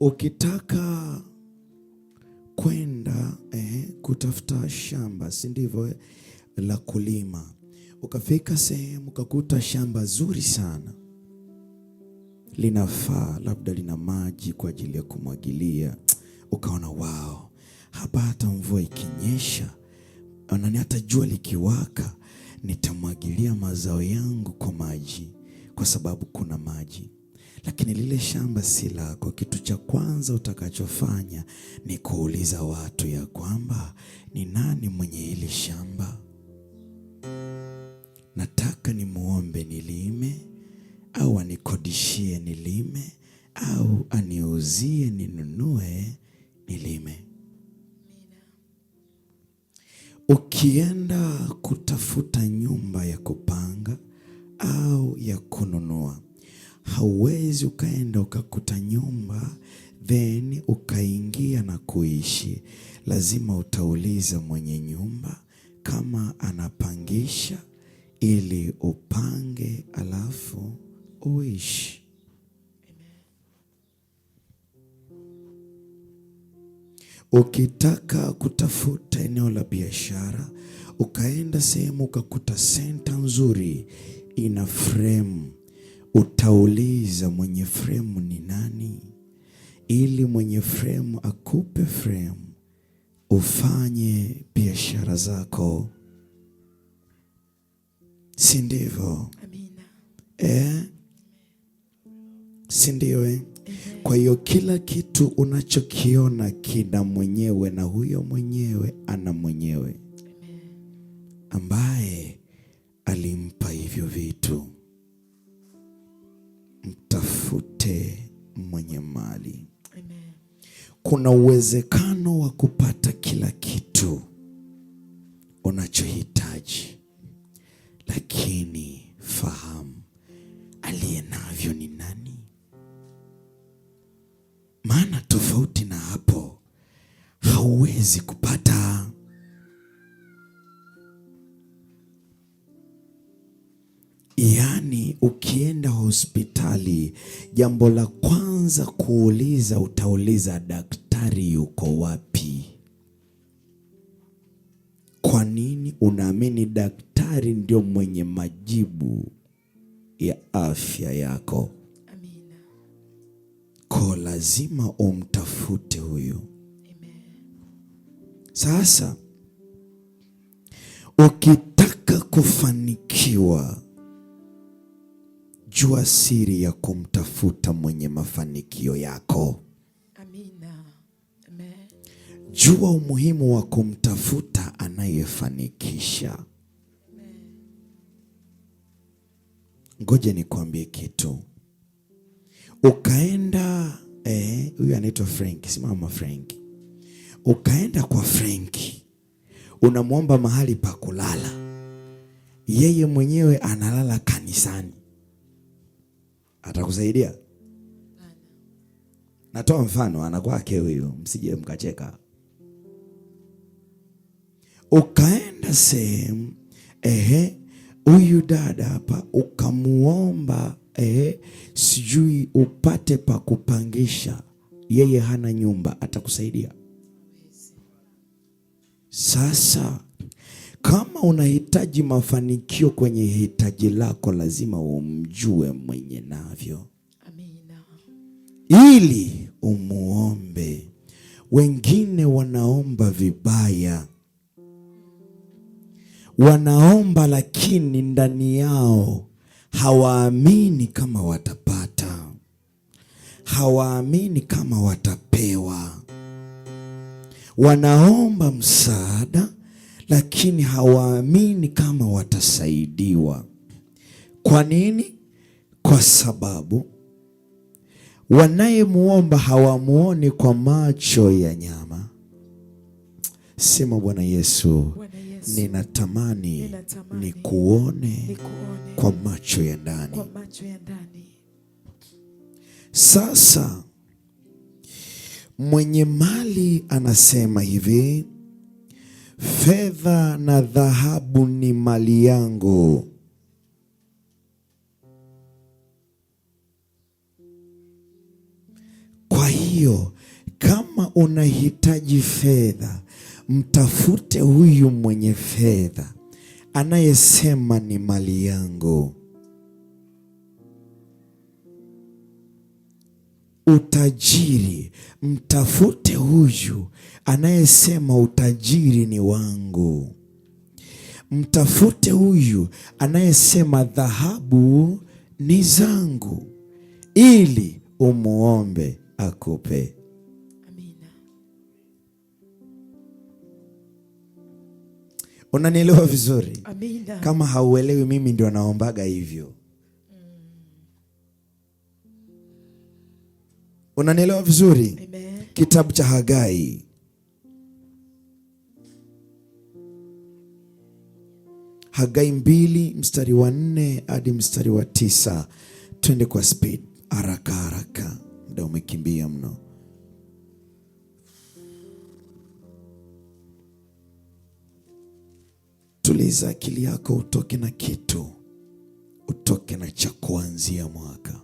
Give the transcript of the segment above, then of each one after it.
ukitaka kwenda eh, kutafuta shamba, si ndivyo, eh, la kulima, ukafika sehemu ukakuta shamba zuri sana linafaa, labda lina maji kwa ajili ya kumwagilia, ukaona wao, hapa hata mvua ikinyesha nani, hata jua likiwaka, nitamwagilia mazao yangu kwa maji, kwa sababu kuna maji lakini lile shamba si lako. Kitu cha kwanza utakachofanya ni kuuliza watu ya kwamba ni nani mwenye hili shamba, nataka nimwombe nilime, au anikodishie nilime, au aniuzie ninunue nilime. Ukienda kutafuta nyumba ya kupanga au ya kununua Hauwezi ukaenda ukakuta nyumba then ukaingia na kuishi. Lazima utauliza mwenye nyumba kama anapangisha, ili upange alafu uishi. Ukitaka kutafuta eneo la biashara, ukaenda sehemu ukakuta senta nzuri ina fremu utauliza mwenye fremu ni nani, ili mwenye fremu akupe fremu ufanye biashara zako, si ndivyo? Eh, si ndio? Eh, kwa hiyo kila kitu unachokiona kina mwenyewe na huyo mwenyewe ana mwenyewe ambaye kuna uwezekano wa kupata kila kitu unachohitaji, lakini fahamu aliye navyo ni nani. Maana tofauti na hapo hauwezi kupata. Yaani, ukienda hospitali, jambo la kwanza kuuliza, utauliza daktari mstari yuko wapi? Kwa nini unaamini daktari ndio mwenye majibu ya afya yako? Amina. Ko, lazima umtafute huyu. Amen. Sasa ukitaka kufanikiwa, jua siri ya kumtafuta mwenye mafanikio yako. Jua umuhimu wa kumtafuta anayefanikisha. Ngoja nikuambie kitu, ukaenda eh, huyu eh, anaitwa Frank. Simama Frank, ukaenda kwa Frank unamwomba mahali pa kulala, yeye mwenyewe analala kanisani, atakusaidia? Natoa mfano, anakwake huyu, msije mkacheka ukaenda sehemu, ehe, huyu dada hapa, ukamuomba ehe, sijui upate pa kupangisha, yeye hana nyumba, atakusaidia. Sasa kama unahitaji mafanikio kwenye hitaji lako, lazima umjue mwenye navyo Amina. ili umuombe. Wengine wanaomba vibaya Wanaomba lakini ndani yao hawaamini kama watapata, hawaamini kama watapewa. Wanaomba msaada lakini hawaamini kama watasaidiwa. Kwa nini? Kwa sababu wanayemwomba hawamwoni kwa macho ya nyama. Sema Bwana Yesu, Bwana Yesu ninatamani, ni kuone kwa macho ya ndani. Sasa mwenye mali anasema hivi, fedha na dhahabu ni mali yangu Kwa hiyo kama unahitaji fedha, mtafute huyu mwenye fedha anayesema ni mali yangu. Utajiri, mtafute huyu anayesema utajiri ni wangu. Mtafute huyu anayesema dhahabu ni zangu, ili umuombe akupe. Unanielewa vizuri? Amina. Kama hauelewi, mimi ndio naombaga hivyo. Unanielewa vizuri? Amen. Kitabu cha Hagai Hagai mbili mstari wa nne hadi mstari wa tisa. Twende kwa speed, haraka haraka, muda umekimbia mno. Tuliza akili yako, utoke na kitu, utoke na cha kuanzia mwaka.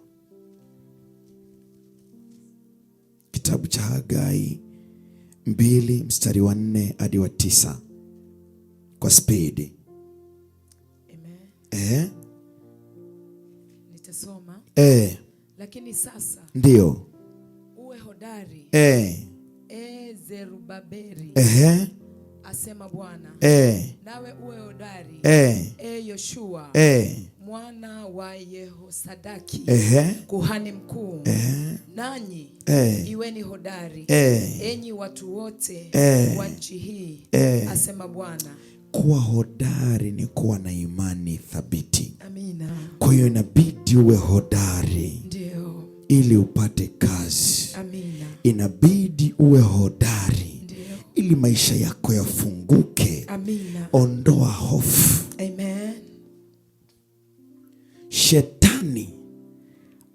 Kitabu cha Hagai mbili mstari wa nne hadi wa tisa kwa spidi. Eh? Nitasoma. Eh. Lakini sasa ndio uwe hodari. Eh. Eh, Zerubabeli. Eh asema Bwana. Eh. Nawe uwe hodari. Eh. Eh, Yoshua. Eh. Mwana wa Yehosadaki. Eh. Kuhani mkuu. Eh. Nanyi eh. Iweni hodari. Eh. Enyi watu wote eh. wa nchi hii. Eh. Asema Bwana. Kuwa hodari ni kuwa na imani thabiti. Amina. Kwa hiyo inabidi uwe hodari. Ndio. Ili upate kazi. Amina. Inabidi uwe hodari ili maisha yako yafunguke. Amina. Ondoa hofu. Amen. Shetani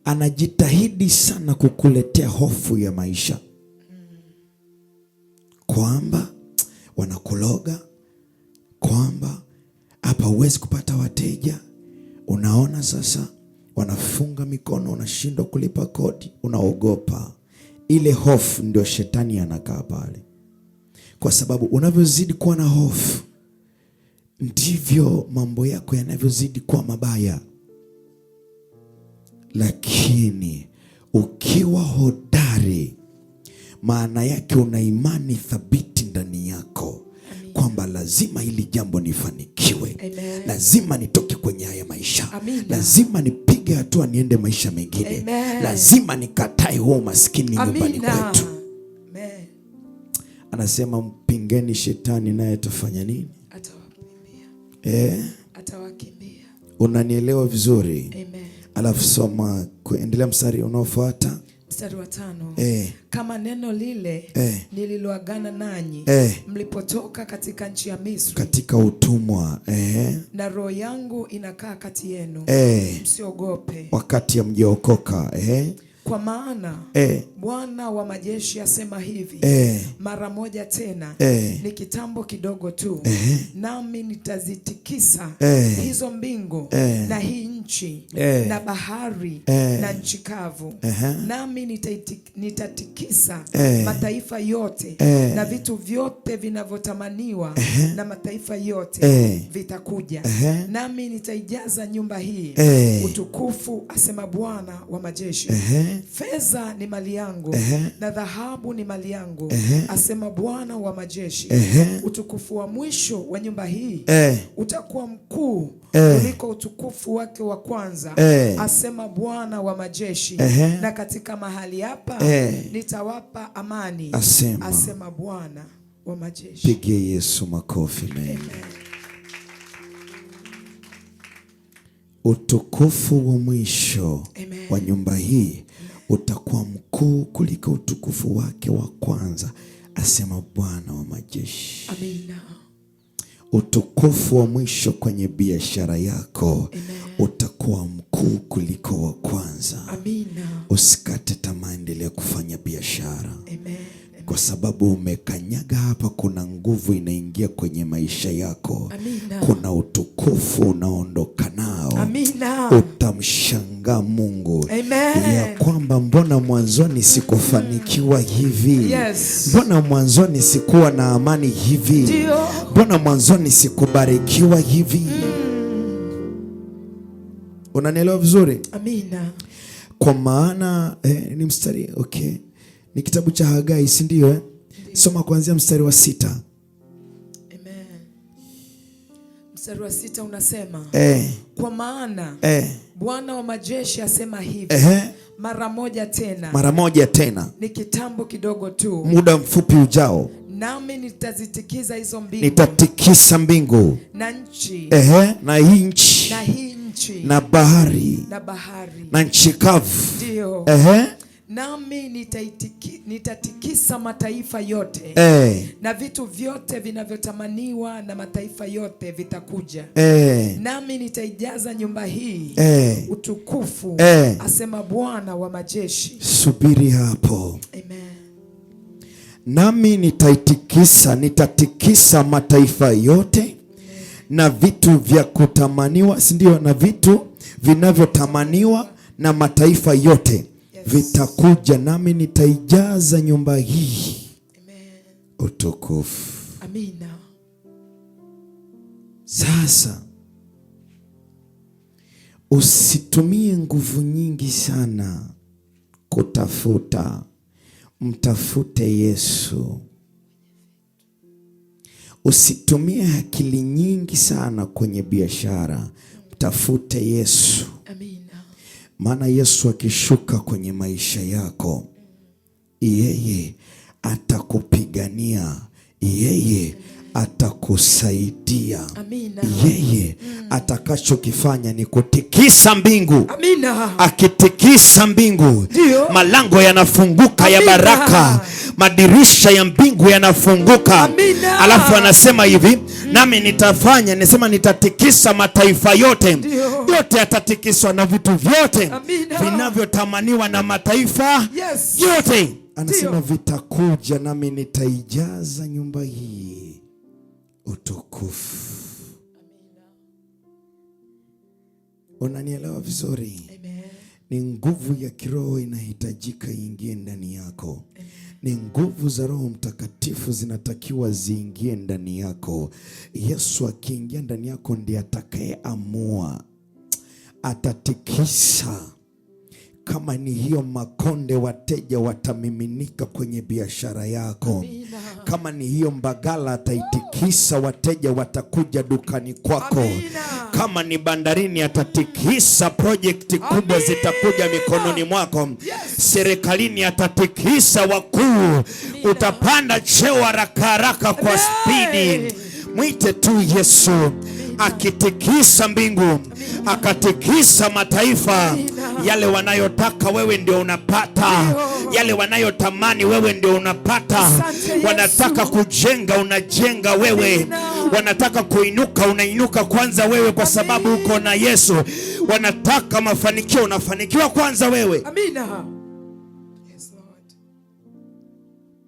anajitahidi sana kukuletea hofu ya maisha kwamba wanakuloga, kwamba hapa huwezi kupata wateja. Unaona sasa, wanafunga mikono, unashindwa kulipa kodi, unaogopa. Ile hofu ndio shetani anakaa pale kwa sababu unavyozidi kuwa na hofu ndivyo mambo yako yanavyozidi kuwa mabaya. Lakini ukiwa hodari, maana yake una imani thabiti ndani yako kwamba lazima hili jambo nifanikiwe. Amen. Lazima nitoke kwenye haya maisha. Amina. Lazima nipige hatua niende maisha mengine. Amen. Lazima nikatae huo umaskini nyumbani kwetu anasema mpingeni shetani naye atafanya nini? Atawakimbia. Eh? Atawakimbia. Unanielewa vizuri? Amen. Alafu soma kuendelea mstari unaofuata. Mstari wa tano. Eh. Kama neno lile eh, nililoagana nanyi eh, mlipotoka katika nchi ya Misri katika utumwa eh, na roho yangu inakaa kati yenu eh, msiogope wakati hamjaokoka eh kwa maana eh, Bwana wa majeshi asema hivi eh, mara moja tena eh, ni kitambo kidogo tu eh, nami nitazitikisa eh, hizo mbingu eh, na hii nchi eh, na bahari eh, na nchi kavu -huh. nami nitatikisa eh, mataifa yote eh, na vitu vyote vinavyotamaniwa -huh. na mataifa yote eh, vitakuja -huh. nami nitaijaza nyumba hii eh, utukufu, asema Bwana wa majeshi -huh. fedha ni mali yangu -huh. na dhahabu ni mali yangu -huh. asema Bwana wa majeshi -huh. utukufu wa mwisho wa nyumba hii eh, utakuwa mkuu Eh. kuliko eh, utukufu wake wa kwanza eh, asema Bwana wa majeshi eh, na katika mahali hapa eh, nitawapa amani asema, asema Bwana wa majeshi. Pige Yesu makofi mengi. Utukufu wa mwisho Amen. wa nyumba hii utakuwa mkuu kuliko utukufu wake wa kwanza asema Bwana wa majeshi. Amina utukufu wa mwisho kwenye biashara yako Amen. Utakuwa mkuu kuliko wa kwanza. Amina. Usikate tamaa, endelea kufanya biashara. Amen kwa sababu umekanyaga hapa, kuna nguvu inaingia kwenye maisha yako. Amina. Kuna utukufu unaondoka nao. Amina. Utamshangaa Mungu Amen. ya kwamba mbona mwanzoni sikufanikiwa mm. hivi? Yes. Mbona mwanzoni sikuwa na amani hivi? Ndio. Mbona mwanzoni sikubarikiwa hivi? Mm. Unanielewa vizuri? Amina. Kwa maana eh, ni mstari okay ni kitabu cha Hagai, si ndio eh? Soma kuanzia mstari wa sita. Amen. Mstari wa sita unasema eh, kwa maana eh, Bwana wa majeshi asema hivi eh, mara moja tena, mara moja tena, ni kitambo kidogo tu, muda mfupi ujao nami nitazitikiza hizo mbingu, nitatikisa mbingu na nchi ehe, na hii nchi na hii nchi na bahari na bahari na nchi kavu, ndio ehe nami nitaitiki, nitatikisa mataifa yote eh. Na vitu vyote vinavyotamaniwa na mataifa yote vitakuja eh. Nami nitaijaza nyumba hii eh. utukufu eh. Asema Bwana wa majeshi. Subiri hapo. Amen. Nami nitaitikisa, nitatikisa mataifa yote Na vitu vya kutamaniwa, sindio Na vitu vinavyotamaniwa na mataifa yote vitakuja, nami nitaijaza nyumba hii utukufu. Amina. Sasa usitumie nguvu nyingi sana kutafuta, mtafute Yesu. Usitumie akili nyingi sana kwenye biashara, mtafute Yesu. Amina. Maana Yesu akishuka kwenye maisha yako, yeye atakupigania, yeye atakusaidia. Amina. Yeye mm. atakachokifanya ni kutikisa mbingu. Amina. Akitikisa mbingu, Dio. malango yanafunguka ya baraka, madirisha ya mbingu yanafunguka. Amina. Alafu anasema hivi mm. nami nitafanya, nisema nitatikisa mataifa yote Dio. yote yatatikiswa na vitu vyote vinavyotamaniwa na mataifa yes. yote anasema Dio. vitakuja nami nitaijaza nyumba hii utukufu. Unanielewa vizuri? Ni nguvu ya kiroho inahitajika ingie ndani yako. Ni nguvu za Roho Mtakatifu zinatakiwa ziingie ndani yako. Yesu akiingia ndani yako ndiye atakayeamua, atatikisa kama ni hiyo makonde, wateja watamiminika kwenye biashara yako. Kama ni hiyo mbagala, ataitikisa wateja watakuja dukani kwako. Kama ni bandarini, atatikisa projekti kubwa zitakuja mikononi mwako. Serikalini atatikisa wakuu, utapanda cheo haraka haraka kwa spidi. Mwite tu Yesu, akitikisa mbingu, akatikisa mataifa. Yale wanayotaka wewe ndio unapata, yale wanayotamani wewe ndio unapata. Wanataka kujenga, unajenga wewe. Wanataka kuinuka, unainuka kwanza wewe, kwa sababu uko na Yesu. Wanataka mafanikio, unafanikiwa kwanza wewe. Amina.